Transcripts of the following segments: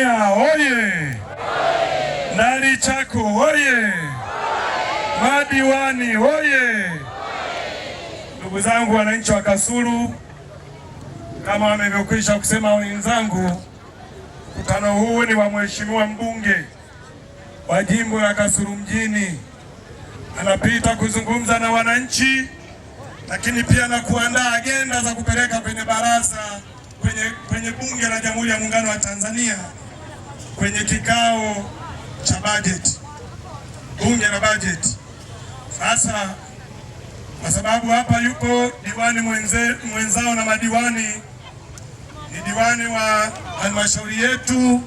Tanzania oye! Nalichako oye! Madiwani oye! Ndugu zangu wananchi wa Kasulu, kama wamevyokwisha kusema wenzangu, mkutano huu ni wa mheshimiwa mbunge wa jimbo la Kasulu mjini. Anapita kuzungumza na wananchi, lakini pia na kuandaa agenda za kupeleka kwenye baraza kwenye, kwenye bunge la Jamhuri ya Muungano wa Tanzania kwenye kikao cha bajeti, bunge la bajeti. Sasa kwa sababu hapa yupo diwani mwenze, mwenzao na madiwani, ni diwani wa halmashauri yetu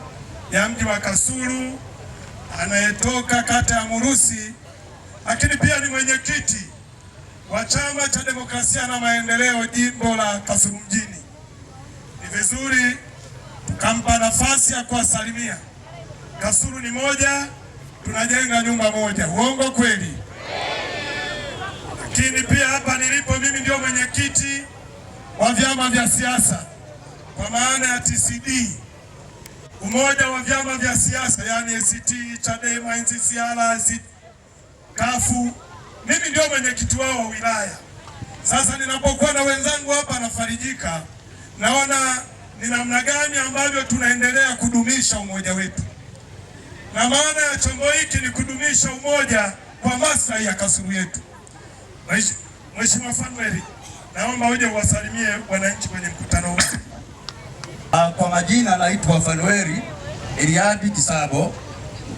ya mji wa Kasulu anayetoka kata ya Murusi, lakini pia ni mwenyekiti wa Chama cha Demokrasia na Maendeleo jimbo la Kasulu mjini. Ni vizuri nampa nafasi ya kuwasalimia. Kasulu ni moja, tunajenga nyumba moja, uongo kweli? Lakini pia hapa nilipo mimi ndio mwenyekiti wa vyama vya siasa kwa maana ya TCD, umoja wa vyama vya siasa, yani ACT, Chadema, NCCR, Kafu. Mimi ndio mwenyekiti wao wa wilaya. Sasa ninapokuwa na wenzangu hapa nafarijika, naona ni namna gani ambavyo tunaendelea kudumisha umoja wetu, na maana ya chombo hiki ni kudumisha umoja kwa maslahi ya kasulu yetu. Mheshimiwa Fanueli, naomba uje uwasalimie wananchi kwenye mkutano huu. Ah, kwa majina naitwa Fanueli Eliadi Kisabo,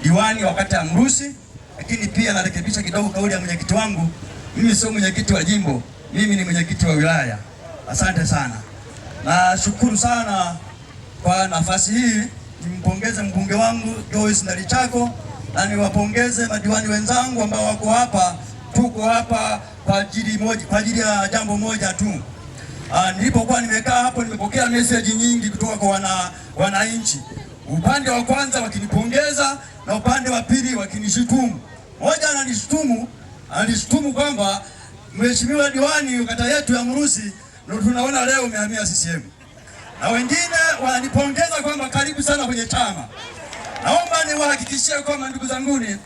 diwani wa kata ya mrusi lakini pia narekebisha kidogo kauli ya mwenyekiti wangu. Mimi sio mwenyekiti wa jimbo, mimi ni mwenyekiti wa wilaya. Asante sana. Nashukuru sana kwa nafasi hii, nimpongeze mbunge wangu Joyce Ndalichako na niwapongeze madiwani wenzangu ambao wako hapa. Tuko hapa kwa ajili moja, kwa ajili ya jambo moja tu. Ah, nilipokuwa nimekaa hapo, nimepokea message nyingi kutoka kwa wana wananchi, upande wa kwanza wakinipongeza na upande wa pili wakinishutumu. Moja ananishutumu, alishutumu kwamba mheshimiwa diwani kata yetu ya Mrusi ndio tunaona leo umehamia CCM, na wengine wananipongeza kwamba karibu sana kwenye chama. Naomba niwahakikishie kwamba ndugu zanguni,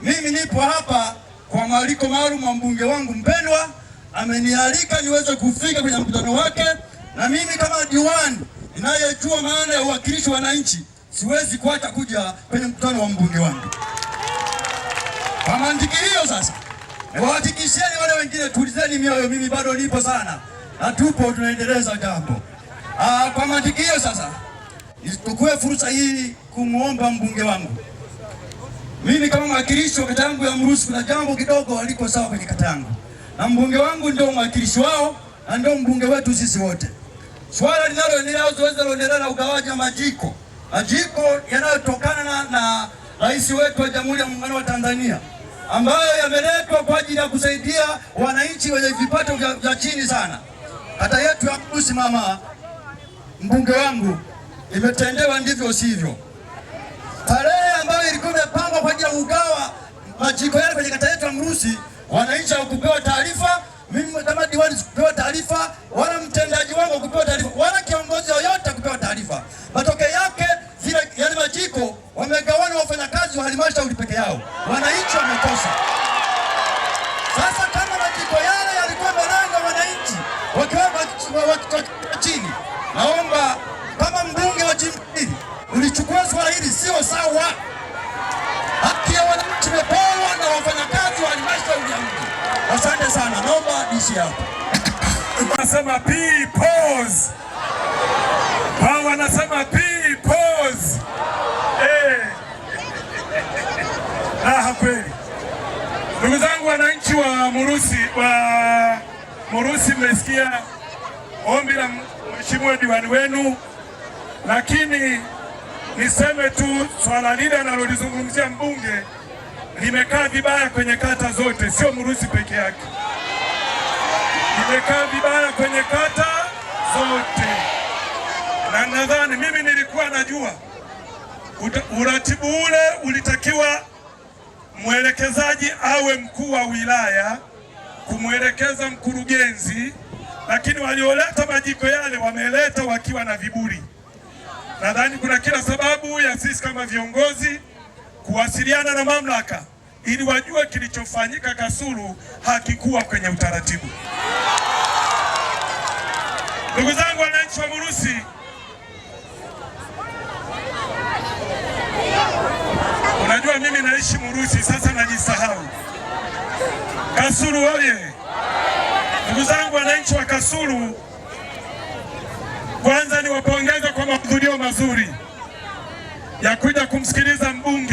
mimi nipo hapa kwa mwaliko maalum wa mbunge wangu mpendwa, amenialika niweze kufika kwenye mkutano wake, na mimi kama diwani ninayejua maana ya uwakilishi wa wananchi siwezi kuacha kuja kwenye mkutano wa mbunge wangu. Kwa mantiki hiyo sasa, niwahakikishieni wale wengine, tulizeni mioyo, mimi bado nipo sana hatupo, tunaendeleza jambo ah. kwa matikio. Sasa tukue fursa hii kumwomba mbunge wangu mimi kama mwakilishi wa kata yangu ya Mrusu, kuna jambo kidogo aliko sawa kwenye kata yangu, na mbunge wangu ndio mwakilishi wao na ndio mbunge wetu sisi wote. Swala linaloendelea au zoezi linaloendelea la ugawaji wa majiko, majiko yanayotokana na, na rais wetu wa Jamhuri ya Muungano wa Tanzania ambayo yameletwa kwa ajili ya kusaidia wananchi wenye vipato vya chini sana. Kata yetu ya mama mbunge wangu, imetendewa ndivyo sivyo. Tarehe ambayo ilikuwa imepangwa kwa ajili ya ugawa majiko yale kwenye kata yetu ya mrusi wananchi hawakupewa taarifa. wanasema peoples. Hao wanasema peoples. Eh. Ah, kweli. Ndugu zangu wananchi wa Murusi wa Murusi, mmesikia ombi la mheshimiwa diwani wenu, lakini niseme tu swala lile analolizungumzia mbunge limekaa vibaya kwenye kata zote, sio Murusi peke yake imekaa vibaya kwenye kata zote, na nadhani mimi nilikuwa najua uratibu ule ulitakiwa mwelekezaji awe mkuu wa wilaya kumwelekeza mkurugenzi, lakini walioleta majiko yale wameleta wakiwa na viburi. Nadhani kuna kila sababu ya sisi kama viongozi kuwasiliana na mamlaka ili wajue kilichofanyika Kasulu hakikuwa kwenye utaratibu. Ndugu zangu wananchi wa Murusi, unajua mimi naishi Murusi, sasa najisahau. Kasulu oye! Ndugu zangu wananchi wa Kasulu, kwanza niwapongeze kwa mahudhurio mazuri ya kuja kumsikiliza mbunge.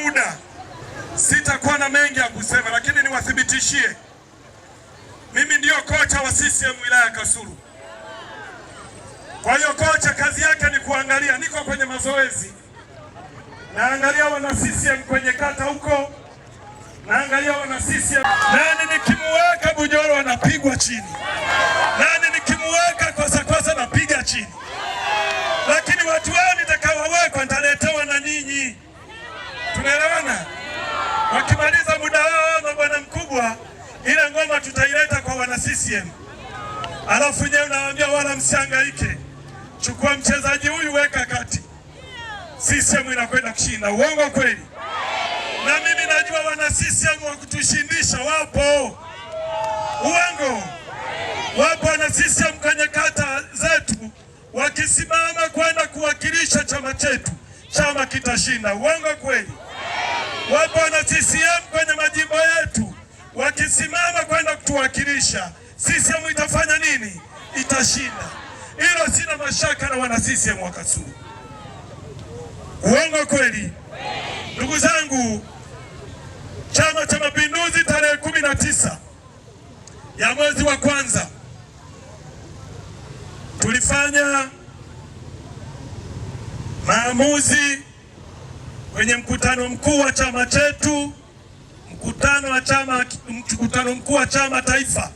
muda, sitakuwa na mengi ya kusema, lakini niwathibitishie mimi ndiyo kocha wa CCM wilaya ya Kasulu. Kwa hiyo kocha kazi yake ni kuangalia, niko kwenye mazoezi, naangalia wana CCM kwenye kata huko, naangalia wana CCM. Nani nikimuweka Bujoro anapigwa chini, nani nikimuweka Kwasa napiga chini, lakini watu wao nitakawaweka nitale Tumeelewana? Wakimaliza muda wao na bwana mkubwa, ile ngoma tutaileta kwa wana CCM. Alafu nyewe unawaambia wala msihangaike, chukua mchezaji huyu weka kati, CCM inakwenda kushinda. Uongo kweli? Na mimi najua wana CCM wa kutushindisha wapo. Uongo? Wapo wana CCM kwenye kata zetu wakisimama kwenda kuwakilisha chama chetu, chama kitashinda. Uongo kweli? Wapo wana CCM kwenye majimbo yetu wakisimama kwenda kutuwakilisha, CCM itafanya nini? Itashinda. Hilo sina mashaka na wana CCM wa Kasulu. Uongo kweli? Ndugu zangu, Chama cha Mapinduzi tarehe kumi na tisa ya mwezi wa kwanza tulifanya maamuzi kwenye mkutano mkuu wa chama chetu, mkutano wa chama, mkutano mkuu wa chama taifa,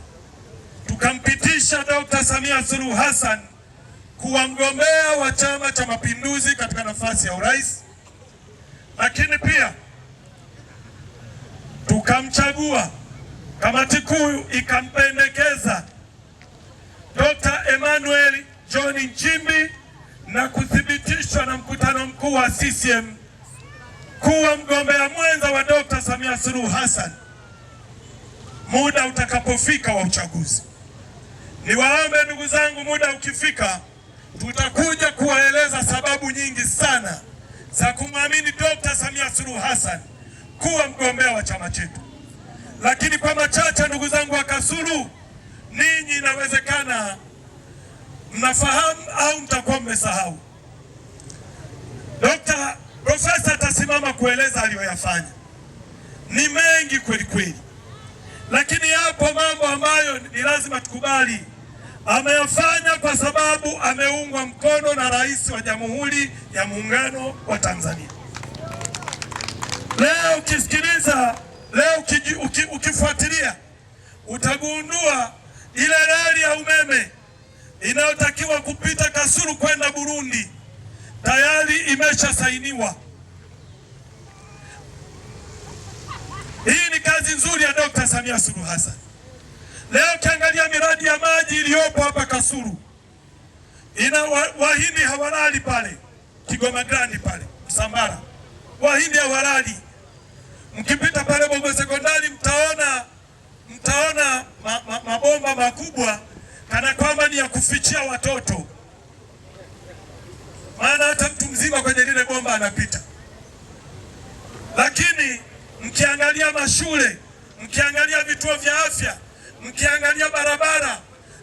tukampitisha Dr. Samia Suluhu Hassan kuwa mgombea wa Chama cha Mapinduzi katika nafasi ya urais, lakini pia tukamchagua. Kamati kuu ikampendekeza Dr. Emmanuel John Nchimbi na kuthibitishwa na mkutano mkuu wa CCM kuwa mgombea mwenza wa Dr. Samia Suluhu Hassan muda utakapofika wa uchaguzi. Niwaombe ndugu zangu, muda ukifika, tutakuja kuwaeleza sababu nyingi sana za kumwamini Dr. Samia Suluhu Hassan kuwa mgombea wa chama chetu. Lakini kwa machache, ndugu zangu wa Kasulu, ninyi inawezekana mnafahamu au mtakuwa mmesahau Dr. Profesa atasimama kueleza aliyoyafanya, ni mengi kweli kweli, lakini yapo mambo ambayo ni lazima tukubali ameyafanya kwa sababu ameungwa mkono na Rais wa Jamhuri ya Muungano wa Tanzania. Leo ukisikiliza, leo ukifuatilia, utagundua ile reli ya umeme inayotakiwa kupita Kasulu kwenda Burundi tayari imeshasainiwa. Hii ni kazi nzuri ya Dkt. Samia Suluhu Hassan. Leo ukiangalia miradi ya maji iliyopo hapa Kasulu ina wa, wahindi hawalali pale Kigoma Grandi pale Msambara, wahindi hawalali. Mkipita pale Bombo Sekondari mtaona mtaona mabomba ma, ma, makubwa kana kwamba ni ya kufichia watoto maana hata mtu mzima kwenye lile bomba anapita. Lakini mkiangalia mashule, mkiangalia vituo vya afya, mkiangalia barabara,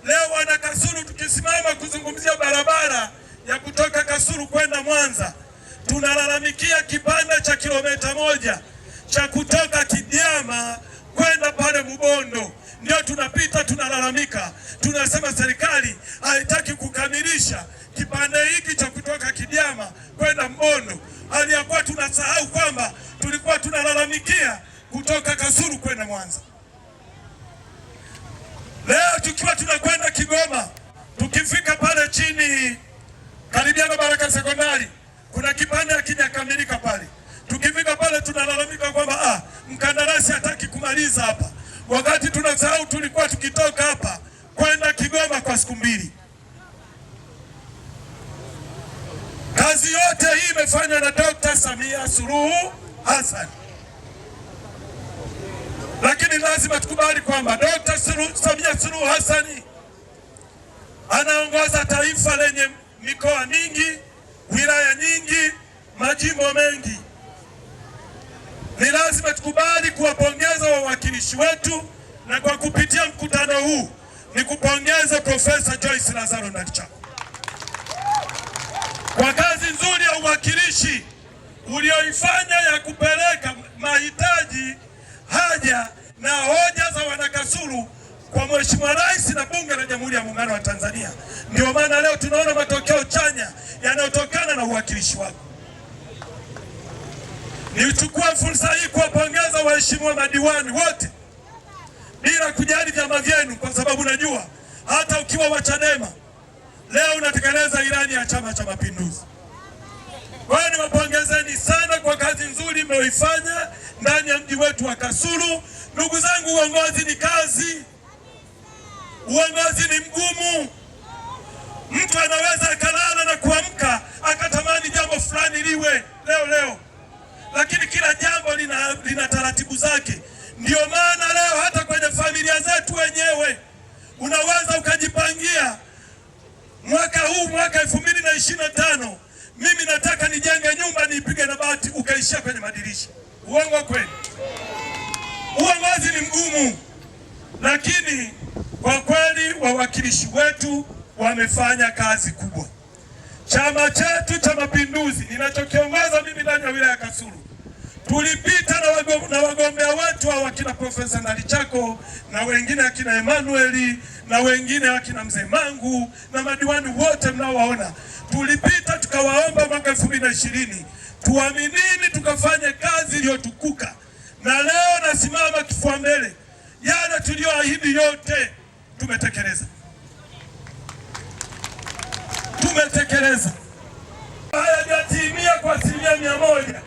leo wana Kasulu tukisimama kuzungumzia barabara ya kutoka Kasulu kwenda Mwanza, tunalalamikia kipande cha kilomita moja cha kutoka Kidiama kwenda pale Mubondo, ndio tunapita tunalalamika, tunasema serikali haitaki kukamilisha kipande hiki cha kutoka Kidiama kwenda Mbondo. Aliyakuwa tunasahau kwamba tulikuwa tunalalamikia kutoka Kasulu kwenda Mwanza. Leo tukiwa tunakwenda Kigoma, tukifika pale chini karibia na Baraka Sekondari, kuna kipande hakijakamilika pale Tukifika pale tunalalamika kwamba ah, mkandarasi hataki kumaliza hapa, wakati tunasahau tulikuwa tukitoka hapa kwenda Kigoma kwa siku mbili. Kazi yote hii imefanywa na Dr. Samia Suluhu Hassan, lakini lazima tukubali kwamba Dr. Samia Suluhu Hassan anaongoza taifa lenye mikoa mingi, wilaya nyingi, majimbo mengi ni lazima tukubali kuwapongeza wawakilishi wetu, na kwa kupitia mkutano huu ni kupongeza Profesa Joyce Lazaro Ndalichako kwa kazi nzuri ya uwakilishi ulioifanya ya kupeleka mahitaji, haja na hoja za wanakasulu kwa Mheshimiwa Rais na Bunge la Jamhuri ya Muungano wa Tanzania. Ndio maana leo tunaona matokeo chanya yanayotokana na uwakilishi wako. Nichukue fursa hii kuwapongeza waheshimiwa madiwani wote bila kujali vyama vyenu, kwa sababu najua hata ukiwa wa Chadema leo unatekeleza ilani ya Chama cha Mapinduzi. Kwa hiyo niwapongezeni sana kwa kazi nzuri mnayoifanya ndani ya mji wetu wa Kasulu. Ndugu zangu, uongozi ni kazi, uongozi ni mgumu. Mtu anaweza akalala na kuamka akatamani jambo fulani liwe leo leo lakini kila jambo lina, lina taratibu zake. Ndio maana leo hata kwenye familia zetu wenyewe unaweza ukajipangia mwaka huu, mwaka elfu mbili na ishirini na tano mimi nataka nijenge nyumba niipige na bati, ukaishia kwenye madirisha. Uongo kweli? Uongozi ni mgumu, lakini kwa kweli wawakilishi wetu wamefanya kazi kubwa. Chama chetu cha Mapinduzi ninachokiongoza mimi ndani ya wilaya ya Kasulu tulipita na wagombea wetu wa akina Profesa Ndalichako na wengine akina Emmanuel na wengine akina Mzee Mangu na madiwani wote mnaowaona, tulipita tukawaomba mwaka elfu mbili na ishirini tuaminini, tukafanye kazi iliyotukuka, na leo nasimama kifua mbele. Yale tuliyoahidi yote tumetekeleza, tumetekeleza. Hayajatimia kwa asilimia mia moja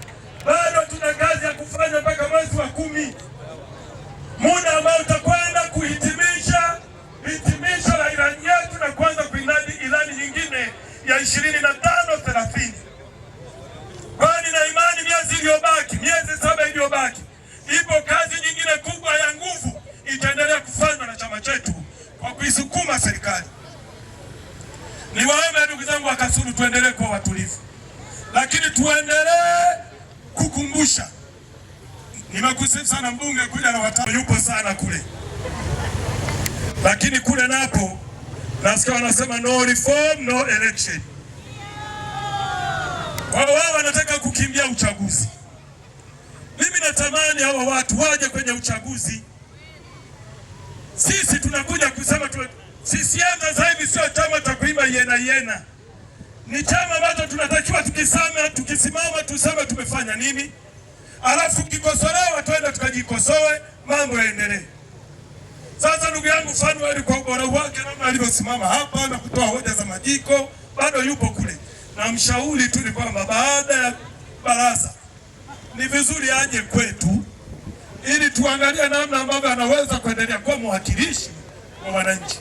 bado tuna kazi ya kufanya mpaka mwezi wa kumi, muda ambao utakwenda kuhitimisha hitimisho la ilani yetu na kuanza kuinadi ilani nyingine ya ishirini na tano thelathini. Kwani na imani miezi iliyobaki, miezi saba iliyobaki, ipo kazi nyingine kubwa ya nguvu itaendelea kufanywa na chama chetu kwa kuisukuma serikali. Niwaombe ndugu zangu wa Kasulu, tuendelee kuwa watulivu. sifu sana mbunge kuja na watano, yupo sana kule, lakini kule napo nasikia wanasema no reform no election. Kwa wao wanataka kukimbia uchaguzi. Mimi natamani hawa watu waje kwenye uchaguzi. Sisi tunakuja kusema tu, CCM sasa hivi sio chama cha kuimba yena yena, ni chama ambacho tunatakiwa tukisema, tukisimama tuseme tumefanya nini alafu mkikosolewa twende tukajikosoe, mambo yaendelee. Sasa ndugu yangu Fanuel kwa ubora wake, namna alivyosimama hapa na kutoa hoja za majiko, bado yupo kule, na mshauri tu ni kwamba baada ya baraza ni vizuri aje kwetu ili tuangalie namna ambavyo anaweza kuendelea kuwa mwakilishi wa wananchi,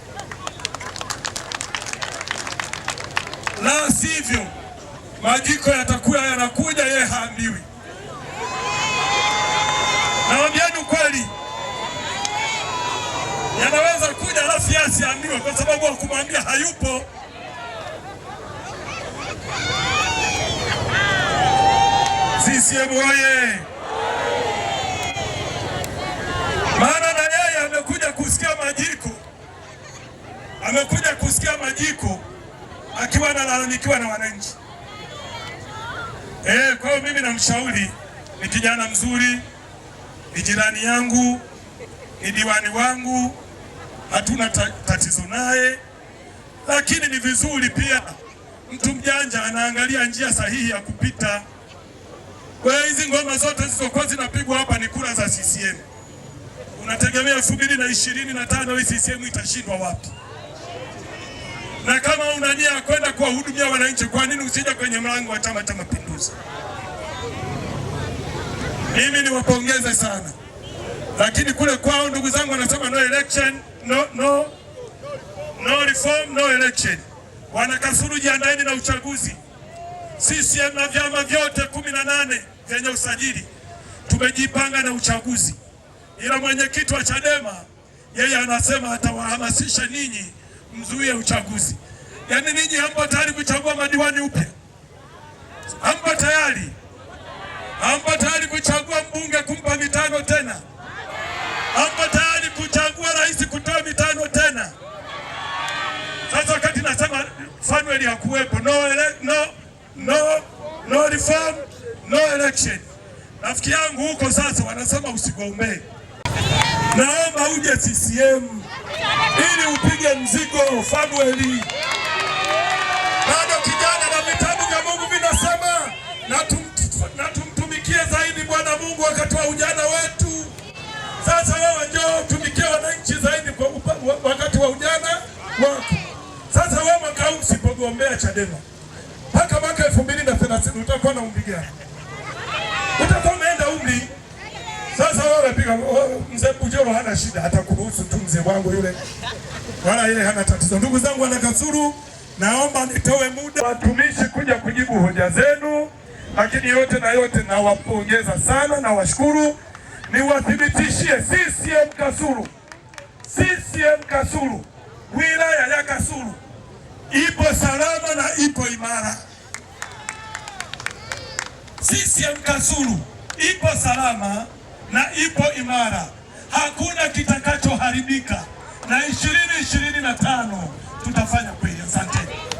la sivyo majiko yatakuwa yanakuja, yeye haambiwi. Nawambieni ukweli, yanaweza kuja halafu yasiambiwe kwa sababu wakumwambia hayupo. Sisiemu oye! Maana na yeye amekuja kusikia majiko amekuja kusikia majiko akiwa analalamikiwa na wananchi. Eh, kwa hiyo mimi namshauri, ni kijana mzuri ni jirani yangu, ni diwani wangu, hatuna tatizo naye. Lakini ni vizuri pia mtu mjanja anaangalia njia sahihi ya kupita. Kwa hiyo hizi ngoma zote zilizokuwa zinapigwa hapa ni kura za CCM. Unategemea elfu mbili na ishirini na tano hii CCM itashindwa wapi? Na kama una nia ya kwenda kuwahudumia wananchi, kwa nini usije kwenye mlango wa Chama cha Mapinduzi? mimi niwapongeze sana, lakini kule kwao ndugu zangu wanasema no election, no, no, no reform, no election. Wanakasuru, jiandaeni na uchaguzi. CCM na vyama vyote kumi na nane vyenye usajili tumejipanga na uchaguzi, ila mwenyekiti wa Chadema yeye anasema atawahamasisha ninyi mzuie uchaguzi. Yaani ninyi hampo tayari kuchagua madiwani upya, hampo tayari, hampo kumpa mitano tena? Ama tayari kuchagua rais kutoa mitano tena? Sasa wakati nasema Samuel hakuwepo, no, ele, no, no, no reform, no election. Rafiki yangu huko sasa wanasema usigombee, naomba uje CCM ili upige mzigo Samuel bado kijana na vitabu vya Mungu vinasema na Mungu akatoa ujana wetu. Sasa wewe njoo tumikie wananchi zaidi kwa wakati wa ujana wako. Sasa wewe mwaka huu usipogombea Chadema mpaka mwaka elfu mbili na thelathini utakuwa na umri gani? Utakuwa umeenda umri. Sasa wewe piga mzee Bujoro hana shida, atakuruhusu tu mzee wangu yule, wala ile hana tatizo. Ndugu zangu wana Kasulu, naomba nitoe muda watumishi kuja kujibu hoja zenu. Lakini yote na yote, nawapongeza sana na washukuru, niwathibitishie CCM Kasulu, CCM Kasulu, wilaya ya Kasulu ipo salama na ipo imara. CCM Kasulu ipo salama na ipo imara, hakuna kitakachoharibika na ishirini na tutafanya kweli. Asante.